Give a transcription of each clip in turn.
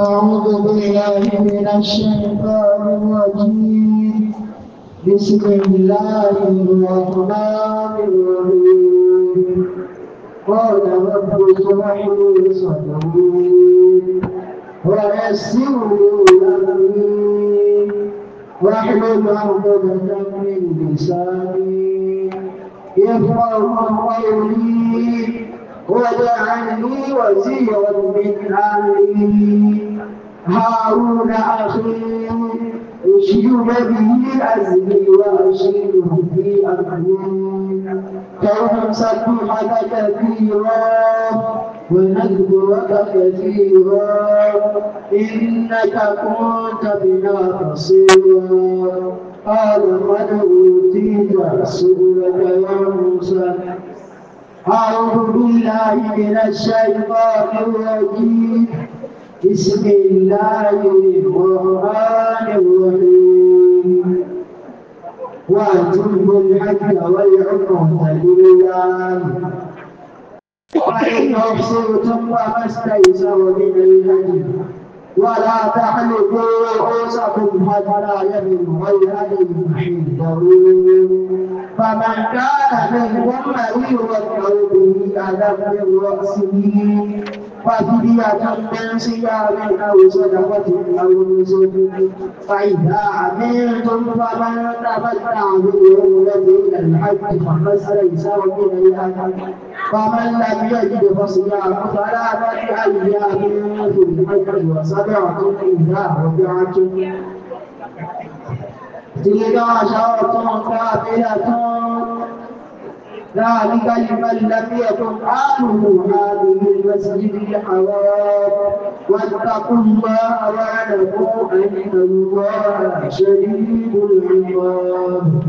أعوذ بالله من الشيطان الرجيم بسم الله الرحمن الرحيم قال رب اشرح لي صدري ويسر لي أمري واحلل عقدة من لساني يفقه قولي وجعلني وزيرا من أهلي هارون أخي اشد به أزري واشده في أمري كي نسبحك كثيرا ونذكرك كثيرا إنك كنت بنا بصيرا قال قد أوتيت رسولك يا موسى أعوذ بالله من الشيطان الرجيم بسم الله الرحمن الرحيم وأتم الحج والعمرة لله وإن أحصرتم وما استيسر من الهدي ولا تحلقوا رؤوسكم حتى يبلغ أجله حلمه فمن كان منكم مريضا أو به أذى من رأسه وذرية من صيام أو صدقة أو نسك فإذا عملتم فمن تمتع بالعمرة إلى الحج فقد استيسر من الهدى فمن لم يجد فصيام ثلاثة أيام في الحج وسبعة إذا رجعتم تلك عشرة كاملة ذلك لمن لم يكن اهله هذه المسجد الحرام واتقوا الله واعلموا ان الله شديد العقاب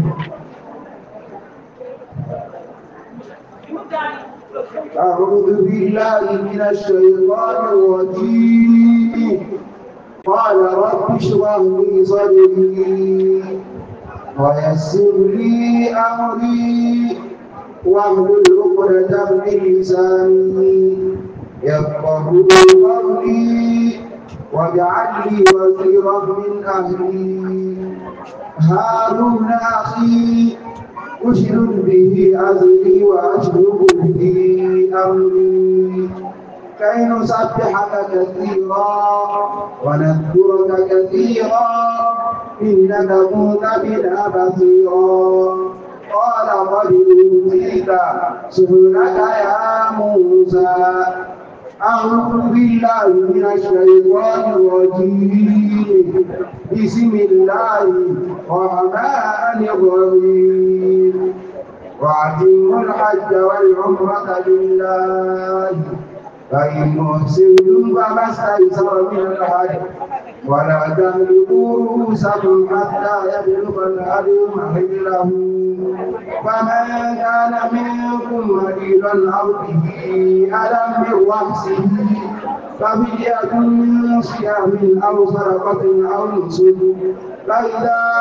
أعوذ بالله من الشيطان الرجيم قال رب اشرح لي صدري ويسر لي أمري واغلل عقدة من لساني يفقه قولي واجعل لي وزيرا من أهلي هارون أخي أشهد به أزري واشرب به أمري كي نسبحك كثيرا ونذكرك كثيرا إنك كنت بنا بصيرا قَالَ رجل إذا سهلك يا موسى بِاللَّهِ بالله من الشيطان الرجيم بسم الله الرحمن الرحيم وأتموا الحج والعمرة لله فإن أحسنتم فما استيسر من الهدي ولا تهلكوا رؤوسكم حتى يبلغ الهدي محله فمن كان منكم مريضا أو به ألم برأسه ففدية من صيام أو صدقة أو نصب فإذا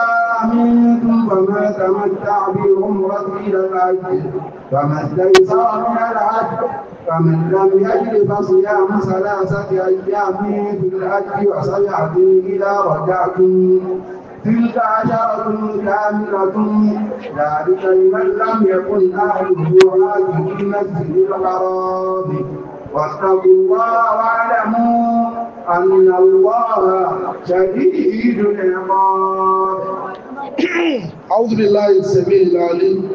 أمنتم فما تمتع بعمرة إلى العجل فمن استيسر من العهد فمن لم يجد فصيام ثلاثة أيام في الحج وسيأتي إلى رجعتم تلك عشرة كاملة ذلك لمن لم يكن أهله في المسجد الحرام واتقوا الله واعلموا أن الله شديد العقاب أعوذ بالله السميع العليم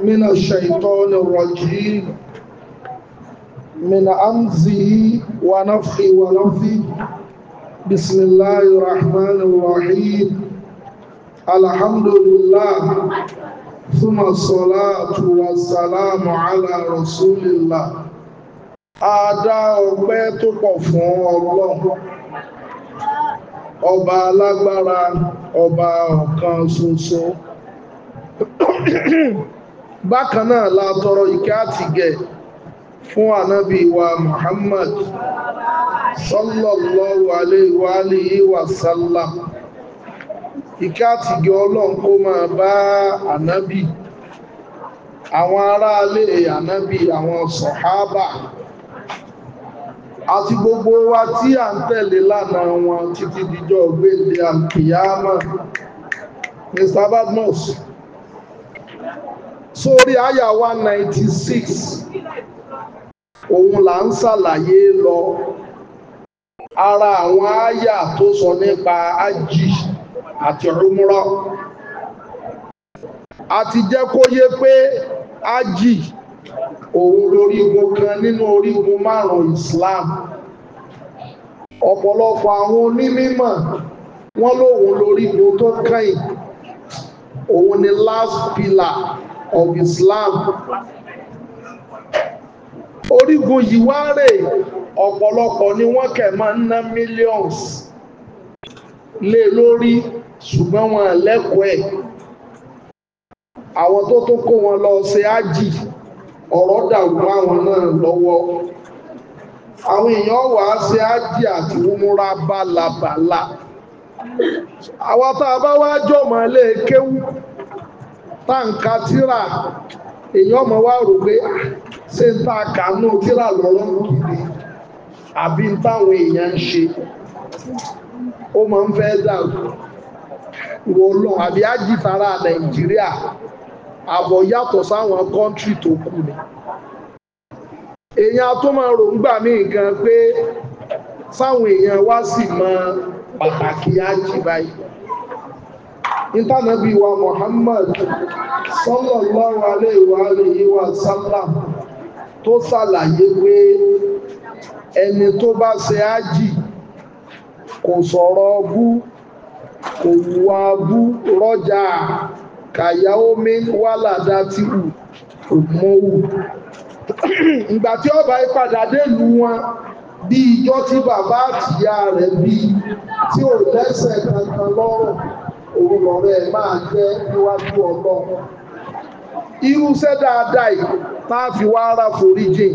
من الشيطان الرجيم من أمزه ونفخه ونفثه بسم الله الرحمن الرحيم الحمد لله ثم الصلاة والسلام على رسول الله Adá ọgbẹ́ tó pọ̀ fún Ọlọ́run, ọba alágbára, ọba ọ̀kan ṣoṣo. bákan náà la tọrọ ìkẹ́ àtìgẹ̀ fún ànábì wa Muhammad sallallahu alayhi wa alihi wa sallam ìkẹ́ àtìgẹ̀ ma kó máa bá ànábì àwọn aráalé ànábì àwọn sọ̀hábà àti gbogbo wa tí a ń tẹ̀lé lánàá wọn títí dijọ́ gbélé alkiyama Mr. Badmus sórí àyà one ninety six òun là ń ṣàlàyé lọ ara àwọn àyà tó sọ nípa ájì àti rúmúrọ àti jẹ́ kó yé pé ájì òun lórígun kan nínú orígun márùn Islam ọ̀pọ̀lọpọ̀ àwọn onímọ̀ wọ́n lóun lórígun tó kàn òun ni last pillar of Islam orígun yìí wá rè ọ̀pọ̀lọpọ̀ ni wọ́n kẹ̀ máa ń ná millions lé lórí ṣùgbọ́n wọn lẹ́kọ̀ọ́ ẹ̀ àwọn tó tó kó wọn lọ ṣe ájì ọ̀rọ̀ dàrú àwọn náà lọ́wọ́ àwọn èèyàn wà á ṣe ájì àti múra bálabàla àwọn tá a bá wá jọ̀mọ́ lè kéwú táǹkà tíra èyàn ọmọ wa rò pé ah, ṣé ń tá a kà nù tíra lọ́rọ́ gidi àbí ń táwọn èèyàn ń ṣe ó máa ń fẹ́ dàrú wọ́n lọ àbí ájìtara nàìjíríà àbọ̀ yàtọ̀ sáwọn kọ́ńtì tó kù ni èèyàn tó máa rò ń gbà mí nǹkan pé sáwọn èèyàn wá sì mọ pàtàkì ájì báyìí ìtànàbí wa Muhammad sallallahu alaihi wa alihi wa sallam tó ṣàlàyé pé ẹni tó bá ṣe ájì kò sọ̀rọ̀ bú kò wà bú rọ́jà kàyàwó mi wà ládá tí ù mọ́wù ìgbà tí ó bá padà délùú wọn bí ìjọ tí bàbá àtìyá rẹ̀ bí tí ò lẹ́sẹ̀ kankan lọ́rùn orúkọ rẹ máa jẹ́ níwájú ọlọ́run irúṣẹ́ dáadáa yìí tá a fi wá ara jìn,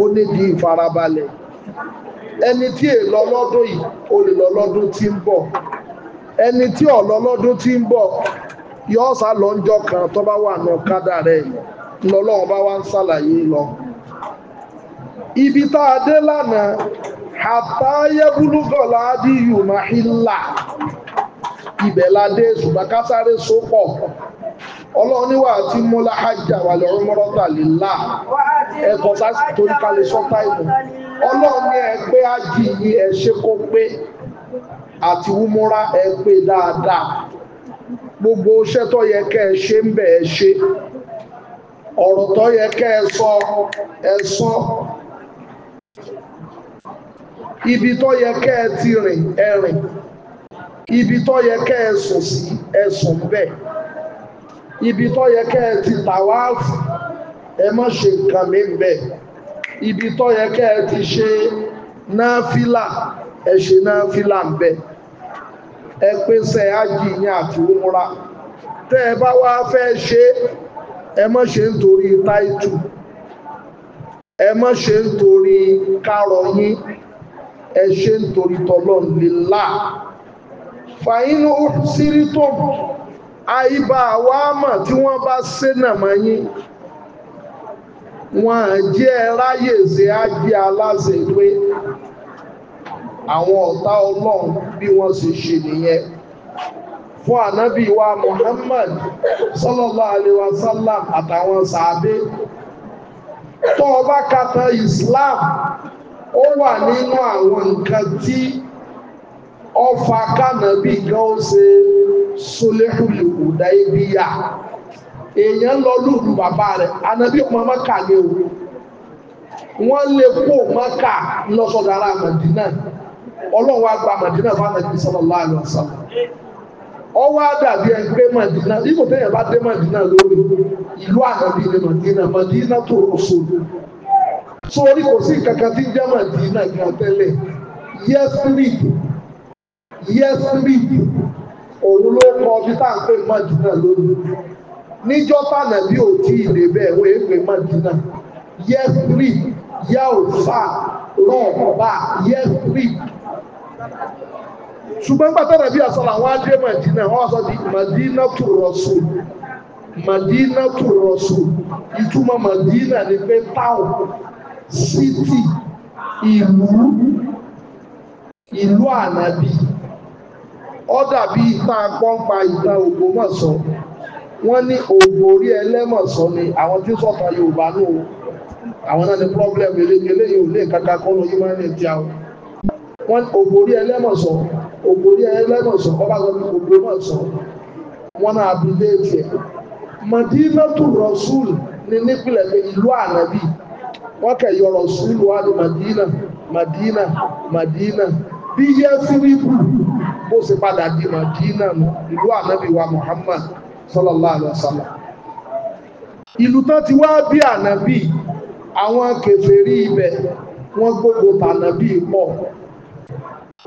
ó ní di ìfarabalẹ̀ ẹni tí è lọ lọ́dún yìí ó lè lọ lọ́dún tí ń bọ̀ ẹni tí ò tí ń bọ̀ yọ kan tó bá wà lọ ibi tá a dé lánàá ibẹ̀ la dé ṣùgbọ́n ká sáré sópọ̀ ọlọ́run ní wà á ti múlá hajjá wà lọ́rùn mọ́rọ́tà lè là ẹ̀kọ́ sásì torí ká lè sọ táìmù ọlọ́run ní ẹgbẹ́ ájì ní ẹ̀ṣẹ́ kó pé àti wúmúra ẹgbẹ́ dáadáa gbogbo iṣẹ́ tó yẹ kẹ́ ẹ ṣe ń bẹ̀ ẹ ṣe ọ̀rọ̀ tó yẹ kẹ́ ẹ sọ ẹ sọ ibi tó yẹ kẹ́ ẹ ti rìn ẹ rìn ibi tó yẹ kẹ́ ẹ sùn sí ẹ sùn bẹ́ẹ̀ ibi tó yẹ kẹ́ ẹ ti tàwáàfù ẹ má ṣe nǹkan mi bẹ́ẹ̀ ibi tó yẹ kẹ́ ẹ ti ṣe náfìlà ẹ ṣe náfìlà bẹ́ẹ̀ ẹ pèsè ájì yín àti òmùra tẹ́ ẹ bá wá fẹ́ ṣe ẹ má ṣe nítorí táìtù ẹ má ṣe nítorí kárọ̀ yín ẹ ṣe nítorí tọ́lọ́ọ̀lélá fàyínú sírí tó àìbá àwámọ̀ tí wọ́n bá sénà mọ́ yín wọ́n jẹ́ ráyè ṣe ágbé aláṣẹ pé àwọn ọ̀tá ọlọ́run bí wọ́n ṣe ṣe nìyẹn fún ànábì wa Muhammad sallallahu alaihi wasallam àtàwọn sàábé tó ọba kata Islam ó wà nínú àwọn nǹkan tí ọfà kánàbí gan ó ṣe sólẹ́kùlùkù dáébíyà èèyàn lọ lùlù bàbá rẹ̀ ànàbí ọmọ mọ́kà ní òwe wọ́n lè kó mọ́kà lọ́sọ̀dọ̀ ara màdínà ọlọ́run wá gba màdínà fún ànàbí sallallahu alaihi wasallam ọwọ́ àdàbí ẹ̀ pé màdínà ipò téèyàn bá dé màdínà lórí ìlú ànàbí ni màdínà màdínà tó rọ̀ṣọ̀dọ̀ sórí kò sí kankan tí jẹ́ màdínà gan tẹ́lẹ̀ yẹ́sírì yẹ́sírì òun ló kọ bí táǹpé mọ́dínà lónìí níjọ́ tànà bí ò tí ì débẹ̀ wọ́n èpè mọ́dínà yẹ́sírì yá ò fà rọ̀ọ̀bà yẹ́sírì. ṣùgbọ́n gbàtànà bí àsọ̀rọ̀ àwọn adé mọ́dínà wọ́n sọ di mọ́dínà tó rọ̀ṣù mọ́dínà tó rọ̀ṣù ìtumọ̀ mọ́dínà ni pé táwọn sítì ìlú ìlú ànábì ó dàbí tá a gbọ́ ń pa ìtàn Ògbómọ̀ṣọ́ wọ́n ní ògbò orí ẹlẹ́mọ̀ṣọ́ ni àwọn tí sọ̀tàn Yorùbá nù àwọn náà ní pọ́blẹ́mù eléyìí eléyìí ò lè kàkà kọ́ lọ yí máa ń ti àwọn wọ́n ògbò orí ẹlẹ́mọ̀ṣọ́ ògbò orí ẹlẹ́mọ̀ṣọ́ ọba sọ ní Ògbómọ̀ṣọ́ wọ́n náà abúlé tiẹ̀ Madinatu Rasul ní nípìnlẹ̀ pé ìlú ànábì wọ́n kẹ̀yọ Rasul wà ní Madina Madina Madina bí yẹ́ síríbù bó ṣe padà di Mádínà nù ìlú ànábì wa Muhammad sallallahu alaihi wasallam ìlú tán ti wá bí ànábì àwọn kèfèrí ibẹ̀ wọ́n gbogbo tànábì pọ̀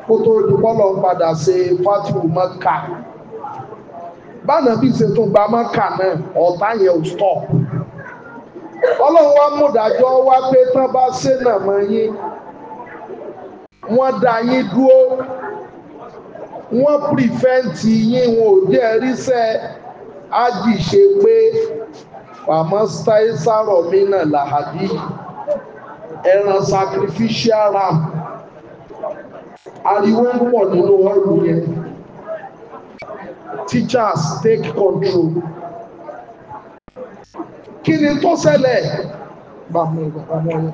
kó tó dùbọ́lọ̀ padà ṣe fatu Mẹ́kà bánàbí ṣe tún gba Mẹ́kà náà ọ̀tá yẹn ò stọ̀ ọlọ́run wá múdàjọ́ wá pé tán bá ṣe nàmọ́ yín wọ́n dá yín dúró wọ́n pìrìfẹ́ǹtì yín wọn ò jẹ́ ríṣẹ́ ájì ṣe pé pàmọ́ sáìsàrọ̀ mi náà làhàdí ẹran sacrificial ram ariwo ń pọ̀ nínú ọ̀rù yẹn teachers take control kí ni tó ṣẹlẹ̀ bàmí bàbá mọ́ yẹn.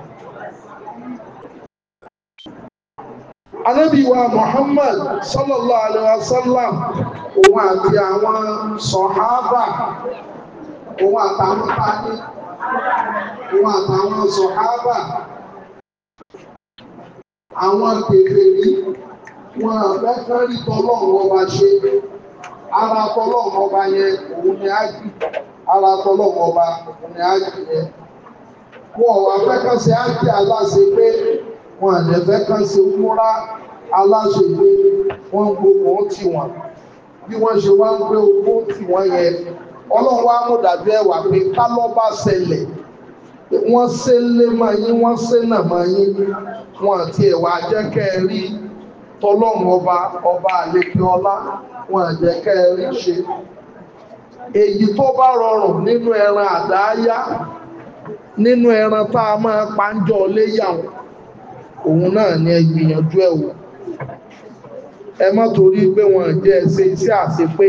anábìwá Muhammad sallallahu alaihi wasallam òun àti àwọn sọ̀hábà òun àtàwọn pàdé òun àtàwọn sọ̀hábà àwọn kèfèrí wọn àfẹ́fẹ́ rí tọ́lọ́run ọba ṣe ara tọ́lọ́run ọba yẹn òun ni á jù ara òun ni á jù yẹn wọn ò á wọn àdẹ̀fẹ́ kan ṣe múra aláṣẹgbé wọn gbogbo wọn tì wọn bí wọ́n ṣe wá ń gbé ogún tì wọ́n yẹn ọlọ́run wá mú dàbí ẹwà pé kálọ́ bá ṣẹlẹ̀ wọ́n ṣe lé máa yín wọ́n ṣe nà máa yín wọn àti ẹ̀wà jẹ́kẹ́ rí tọlọ́run ọba ọba àlejò ọlá wọn àjẹ́kẹ́ rí ṣe èyí tó bá rọrùn nínú ẹran àdáyá nínú ẹran tá a máa pa ń jọ léyàwó òun náà ni ẹ gbìyànjú ẹ̀ wò ẹ má torí pé wọn jẹ́ ẹ ṣe iṣẹ́ àṣepé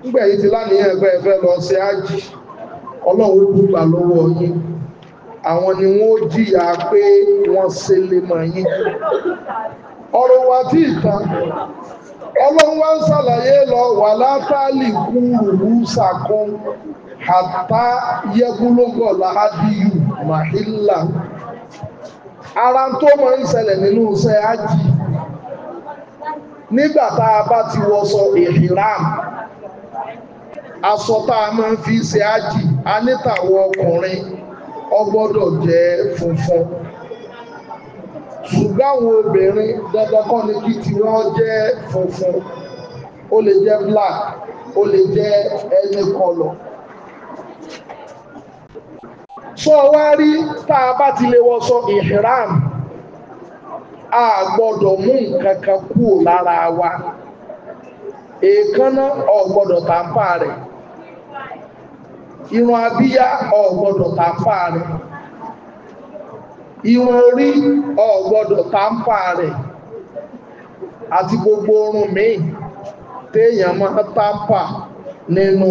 nígbà yìí ti lánìyàn ẹgbẹ́ ẹ fẹ́ lọ ṣe ájì ọlọ́run ó gbà lọ́wọ́ yín àwọn ni wọ́n ó jìyà pé wọ́n ṣe lè mọ̀ yín ọ̀rọ̀ wa tí ìtàn ọlọ́run wá ń ṣàlàyé lọ wà látàlì kú rùrù ṣàkún làádìyù màhílà ara tó máa ń ṣẹlẹ̀ nínú iṣẹ́ ájì nígbà tá a bá ti wọṣọ ìhìrám aṣọ tá a máa ń fi ṣe ájì anítàwọ ọkùnrin ó gbọ́dọ̀ jẹ́ funfun ṣùgbọ́n àwọn obìnrin dandan kọ́ ni kí tiwọn jẹ́ funfun ó lè jẹ́ black ó lè jẹ́ any colour. sọ wá rí tá a bá ti lè wọṣọ ìhìrán a gbọdọ mú nǹkan kan kúrò lára wa èékánná ò gbọ́dọ̀ tàǹpà rẹ̀ irun abíyá ò gbọ́dọ̀ tàǹpà rẹ̀ orí ò gbọ́dọ̀ tàǹpà àti gbogbo orun míì téèyàn máa tàǹpà nínú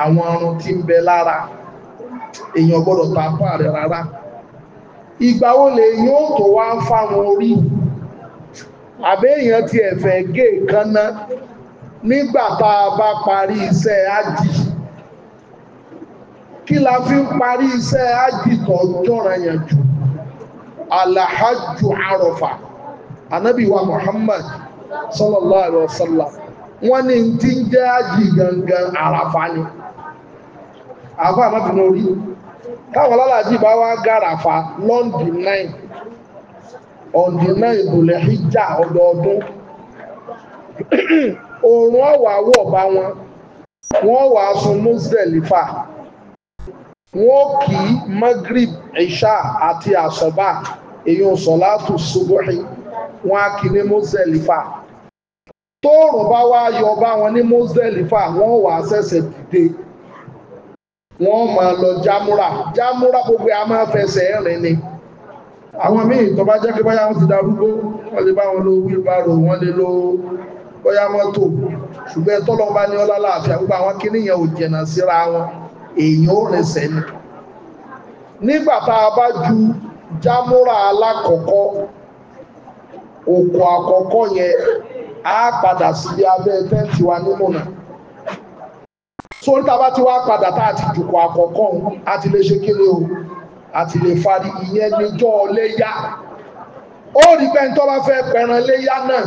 àwọn ọrùn tí ń bẹ lára. èèyàn gbọ́dọ̀ ta apá rẹ̀ rárá ìgbà wo lè yóò tó wá fáwọn orí àbẹ́ èèyàn ti ẹ̀fẹ̀ gé kanna nígbà tá a bá parí iṣẹ́ ájì kí la fi ń parí iṣẹ́ ájì tó jọ̀ràn jù alahajju arọ̀fà anabi muhammad sallallahu alaihi wasallam wọ́n ní ti ń jẹ́ ájì gangan àràfà ni. àbá àmọ́bìnrin orí táwọn lálàájì bá wá gàràfà lọ́ndì 9 ọ̀ndì 9 ìbòlẹ̀ hijja ọdọọdún oòrùn ọ̀wà wọ̀ bá wọn wọ́n wà sun Muzdalifa wọ́n kì í Maghrib Isha àti àsọ̀bà èyí ń sọ̀látù subuhi wọ́n á kì ní Muzdalifa tóòrùn bá wá yọ bá wọn ní Muzdalifa wọ́n wà sẹ́sẹ̀ dìde wọ́n máa lọ jámúra jámúra gbogbo a máa fẹsẹ̀ rìn ni àwọn míì tó bá jẹ́ pé báyá wọ́n ti darúgbó wọ́n lè bá wọn lo wheelbarrow wọ́n lè lo bóyá mọ́tò ṣùgbọ́n tọ́lọ́ bá ní ọlá láàfíà gbogbo àwọn kíníyàn ò jẹ̀nà síra wọn èèyàn ò rìn sẹ́ni nígbà tá a bá ju jámúra alákọ̀ọ́kọ́ òkò àkọ́kọ́ yẹn á padà síbi abẹ́ tẹ́ǹtì wa nímọ̀nà sórí tá a bá ti wá padà tá a ti jùkọ̀ àkọ́kọ́ a ti lè ṣe kílé o a ti lè fari ìyẹn níjọ́ léyà ó rí pé tó bá fẹ́ pẹran léyà náà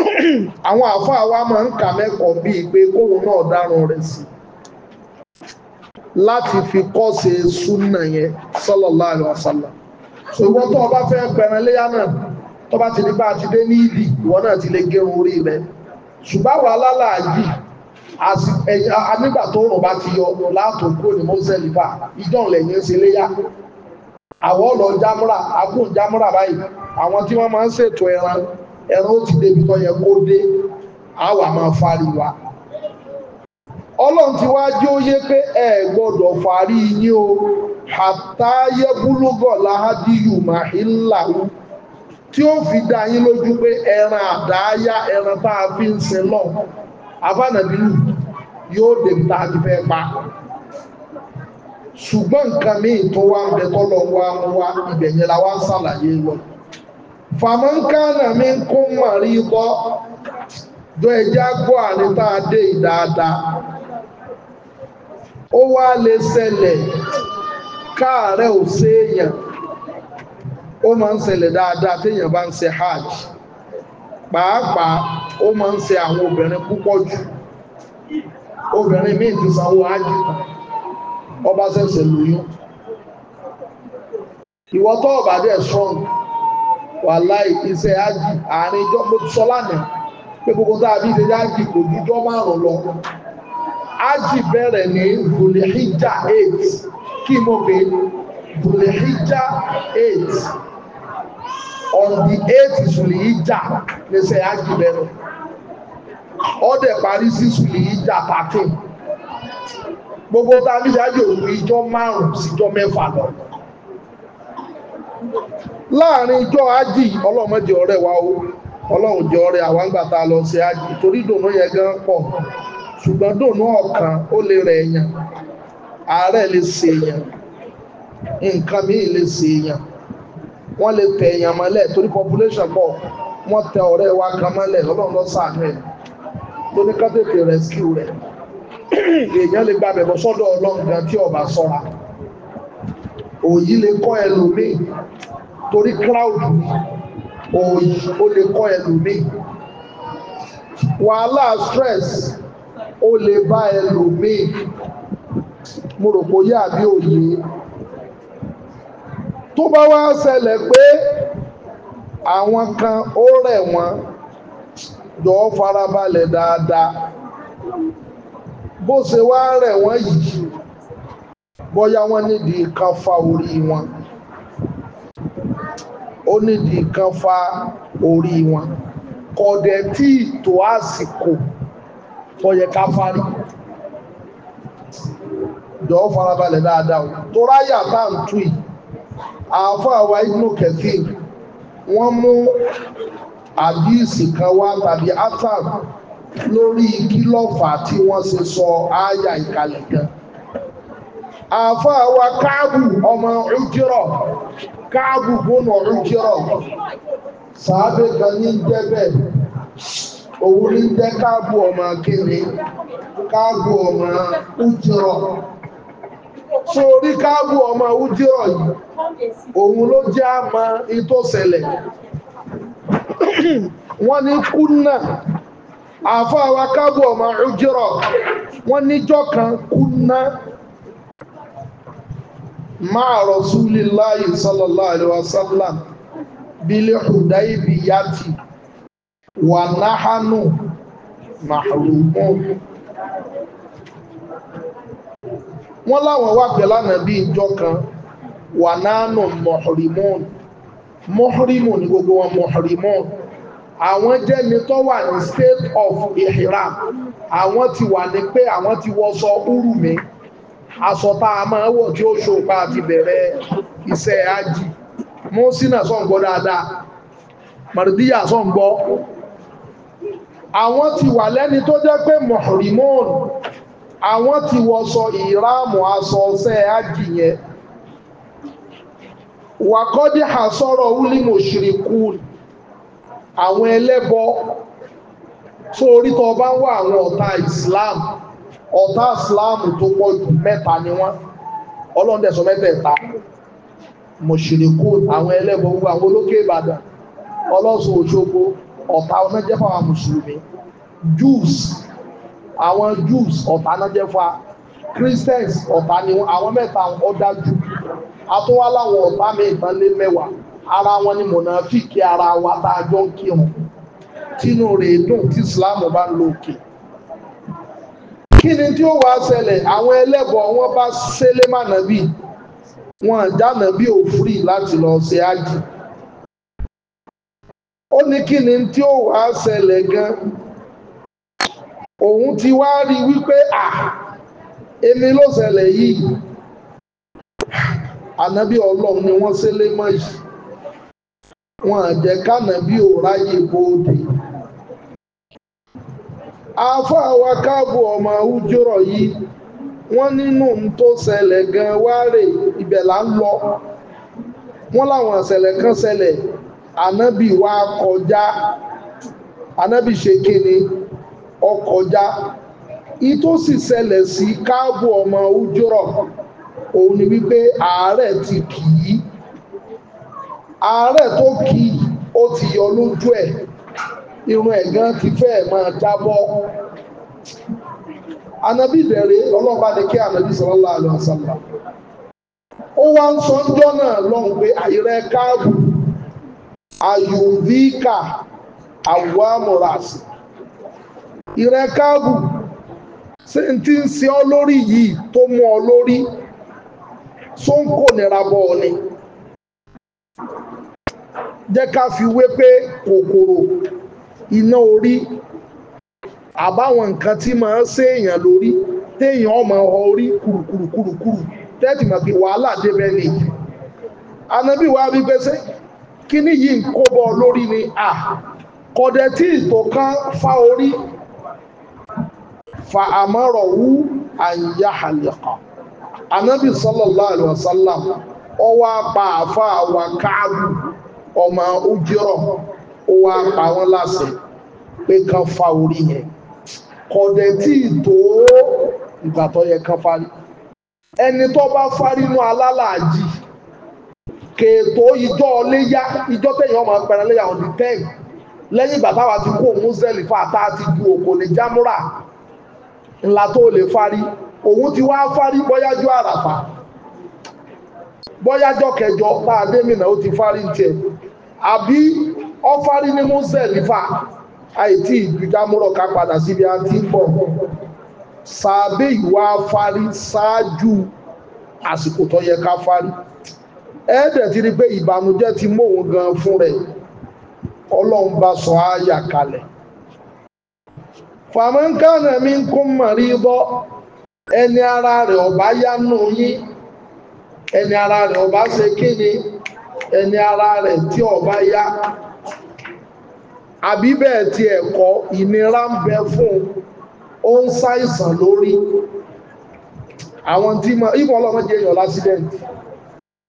àwọn àáfàá wa máa ń kà mẹ́kọ̀ọ́ bíi pé kóun náà dárun rẹ̀ sí láti fi kọ́sẹ̀ súnà yẹn sallallahu alaihi wasallam ṣùgbọ́n tó o bá fẹ́ pẹran léyà náà tó bá ti ní bá a ti dé ní ìdì ìwọ náà ti lè gé orí rẹ̀ ṣùgbọ́n wàhálà láàyè Eh, nígbà tó rùn bá ti yọ láàtò kúrò ní mọ́sẹ̀lìfà ìjọ́ lẹ́yìn ń ṣe léyà àwọ̀ lọ jámúra agún jámúra báyìí àwọn tí wọ́n máa ń ṣètò ẹran ẹran ó ti débi tó yẹ kó dé àwa máa fari wa ọlọ́run ti wá jẹ́ ó yé pé ẹ gbọ́dọ̀ fari yín o àtàyẹ búlúgọ̀ láhádìyù màhíláwù tí ó fi dá yín lójú pé ẹran àdáyá ẹran tá a fi ń sin lọ́hùn abánàbínú yóò dé ta ti fẹ́ pa ṣùgbọ́n nǹkan míì tó wá ń bẹ tọ́lọ̀ wá ń wá ibẹ̀ yẹn la wá ń ṣàlàyé lọ fàmọ́ńkánà mi ń kún màrí bọ́ jọ ẹjá gbọ́ àníta dé ìdáadáa ó wá lè ṣẹlẹ̀ káàárẹ̀ ò séèyàn ó máa ń ṣẹlẹ̀ dáadáa téèyàn bá ń ṣe hajj pàápàá ó máa ń ṣe àwọn obìnrin púpọ̀ jù obìnrin míì ti sanwó ájì ọba ṣẹ̀ṣẹ̀ lóyún ìwọ tó ọba dẹ̀ strong wàláì iṣẹ́ ájì àárín ìjọ pé sọ lánàá pé gbogbo tá a bí ṣe ájì kò ju jọ márùn lọ ájì bẹ̀rẹ̀ ní bulihija eight kí mo pè bulihija eight on the eight Zulhijja lè ṣe ájì lẹ́nu ọdẹ parí sí Zulhijja thirteen gbogbo tàbí ṣáájú òru ìjọ márùn síjọ mẹ́fà lọ láàrin ìjọ ájì ọlọ́mọdé ọ̀rẹ́ wa o ọlọ́run jẹ́ ọ̀rẹ́ àwọn àgbàtà lọ ṣe ájì torí dòun yẹn gan pọ̀ ṣùgbọ́n dòun ọ̀kan ó lè rẹ̀ èèyàn àárẹ̀ lè ṣe èèyàn nǹkan míì lè ṣe èèyàn wọ́n lè tẹ èèyàn mọ́lẹ̀ torí population pọ̀ wọ́n tẹ ọ̀rẹ́ wa kan mọ́lẹ̀ ọlọ́run lọ sàánú ẹ̀ tó ní kátètè rescue rẹ̀ èèyàn lè gba bẹ̀bọ̀ sọ́dọ̀ ọlọ́run gan tí ọba sọ́ra òyì lè kọ́ ẹlòmíì torí cloud òyì ó lè kọ́ ẹlòmíì wàhálà stress ó lè bá ẹlòmíì mo rò pé ó yà òyì tó bá wá ṣẹlẹ̀ pé àwọn kan ó rẹ̀ wọ́n jọ̀ọ́ farabalẹ̀ dáadáa bó ṣe wá rẹ̀ wọ́n yìí bóyá wọ́n nídìí kan fa orí wọn ó nídìí kan fa orí wọn kọ̀dẹ̀ tí ìtò àsìkò tó ká parí jọ̀ọ́ farabalẹ̀ dáadáa tó ráyà bá ń tú yìí àáfà àwa Ibn Kathir wọ́n mú àdíìsì tàbí atam lórí kílọ̀fà tí wọ́n ṣe sọ ááyà ìkàlẹ̀ kan Afọ àwa káàbù ọmọ ìjírọ̀ káàbù bónú ìjírọ̀ sàábẹ̀ kan ní jẹ́bẹ̀ òun ní ọmọ káàbù ọmọ so orí káàbù ọmọ ujírọ̀ yìí òun ló jẹ́ àmà ìtò ṣẹlẹ̀ wọ́n ní kúnnà àfáwà káàbù ọmọ ujírọ̀ wọ́n níjọ́ kan kúnnà máa rasulillahi sallallahu alaihi wasallam bílẹ̀ hudaybiyati wà náhánù màhàlùmọ́ wọ́n láwọn wà pẹ̀lú ànábì ìjọ kan wà nánà mọ̀hùrìmọ́ọ̀nù mọ̀hùrìmọ̀ ni gbogbo wọn mọ̀hùrìmọ́ọ̀nù àwọn jẹ́ ni tó wà ní state of ihram àwọn ti wà ní pé àwọn ti wọṣọ úrùmí aṣọ tá a máa wọ̀ tí ó ṣòpa àti bẹ̀rẹ̀ iṣẹ́ ájì mọ́sínà sọ̀ǹgbọ́ dáadáa àwọn tí wọ́n sọ ìráàmù aṣọ ṣẹ́ ájì yẹn wàkọ́dí àsọ̀rọ̀ ulimu shirikun àwọn ẹlẹ́bọ tó orí tó bá ń àwọn ọ̀tá Islam ọ̀tá Islam tó pọ̀ jù mẹ́ta ni wọ́n ọlọ́ndẹ̀sọ mẹ́tẹ̀ẹ̀ta mọ̀ṣirikun àwọn ẹlẹ́bọ gbogbo àwọn olókè Ìbàdàn ọlọ́sùn Òṣogbo ọ̀tá ọmọdé fáwọn mùsùlùmí Jews àwọn Jews ọ̀tá náà jẹ́ fa Christians ọ̀tá ni àwọn mẹ́ta ọ̀dájú atọ́wáláwọn ọ̀tá mi ìtàn lé mẹ́wàá ara wọn ni mọ̀nàfíìkì ara wa tá a jọ ń kírun tínú rẹ̀ dùn tí Islam bá ń lo òkè kí ni tí ó wàá ṣẹlẹ̀ àwọn ẹlẹ́bọ̀ wọn bá ṣẹlẹ̀ mànàbí wọn jáná bí òfurì láti lọ ṣe ájì ó ní kí ni tí ó wàá ṣẹlẹ̀ gan-an òun ti wá rí wípé à èmi ló ṣẹlẹ̀ yìí ànábì ọlọ́run ni wọ́n ṣe lé mọ́ yìí wọn àjẹ́ kánàbí ò ráyè bóde afọ wa káàbọ̀ ọmọ àwùjọ́rọ̀ yìí wọ́n nínú tó ṣẹlẹ̀ gan wáre ibẹ̀ là ń lọ wọ́n láwọn ṣẹlẹ̀ kan ṣẹlẹ̀ ànábì wa kọjá ànábì ṣe kéde ọkọjá ìtò sì ṣẹlẹ̀ sí káàbù ọmọ ojúrọ̀ òun ni wípé ààrẹ ti kì í ààrẹ tó kì í ó ti yọ lójú ẹ̀ irun ẹ̀gán ti fẹ́ máa jábọ́ anabi ìbẹ̀rẹ̀ ọlọ́ba ni kí anabi sallallahu alaihi wasallam ó wá ń sọ ńjọ́ náà lọ́hùn pé àyẹ̀rẹ̀ káàbù àyùvíkà àwọ̀ àmọ̀ràsì ìrẹ́káàgù tí ń sin ọ lórí yìí tó mú ọ lórí tó ń kò nira bọ̀ ọ ni jẹ́ ká fi wé pé kòkòrò iná orí àbáwọn nǹkan tí ṣe èèyàn lórí téèyàn ọmọ orí kùrùkùrùkùrùkùrù tẹ́tì mọ̀ pé wàhálà débẹ̀ ni anábì wa rí pẹ́sẹ́ kíní yìí ni à kọ̀dẹ̀ tí ìtò kan fa orí fa amarahu an yahliqa anabi sallallahu alaihi wasallam pa àfa àwa káàbù ọmọ ojúrọ̀ ó wá pa wọ́n láṣẹ pé fa orí yẹn kọ̀dẹ̀ tí tó yẹ kan ẹni tó bá fárí inú alálàájì kètò ìjọ ńlá tó lè fárí òun ti wá fárí bọ́yájú àràfà bọ́yájọ́ kẹjọ bá a dé mìíràn ó ti fárí tiẹ̀ àbí ọ fárí ní mùsẹ̀lífà àìtí ìdúdámúrọ̀ ká padà síbi àti bọ̀ sàbẹ̀ ìwà fárí ṣáájú àsìkò tó yẹ ká fárí ẹ̀ẹ́dẹ̀ ti rí pé ìbànújẹ́ ti mú òun gan fún rẹ̀ ọlọ́run bá sọ ááyà kalẹ̀ fàmán kánà mi ń kún màrí bọ́ ẹni ara ọba ya yín ẹni ara ọba ṣe kíni ẹni ara tí ọba ya ti ìnira ń bẹ fún ó ń ṣàìsàn lórí àwọn tí ma ìbọn ọlọ́mọdé èèyàn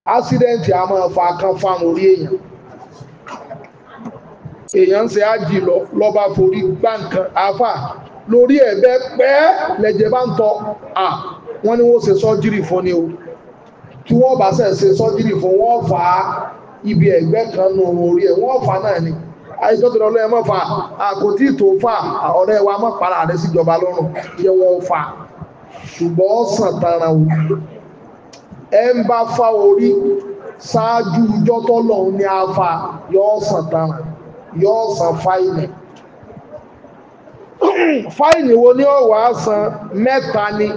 lásídẹ̀ǹtì fa fáwọn orí èèyàn ń ṣe ájì lọ lọ́ba forí gbá nǹkan àáfà lórí ẹ̀bẹ́ pẹ́ lẹ́jẹ̀ bá ń tọ́ à wọ́n ní wọ́n ṣe sọ́jírì fún ni o tí wọ́n bá ṣe ṣe sọ́jírì fún wọ́n fà á ibi ẹ̀gbẹ́ kan nù orí ẹ̀ wọ́n fà á náà ni àìsàn tó lọ lọ́yẹ̀ mọ́ fà á kò tí ì tó fà á ọ̀rẹ́ wa mọ́ para rẹ̀ síjọba lọ́rùn yẹ wọ́n fà á ṣùgbọ́n ọ̀sán tara o ẹ ń bá fa orí ṣáájú ìjọ́tọ́ lọ́hùn ní afa yọ ọ̀sán tara o. yóò san fáìlì fáìlì wo ni yóò asan san mẹ́ta ni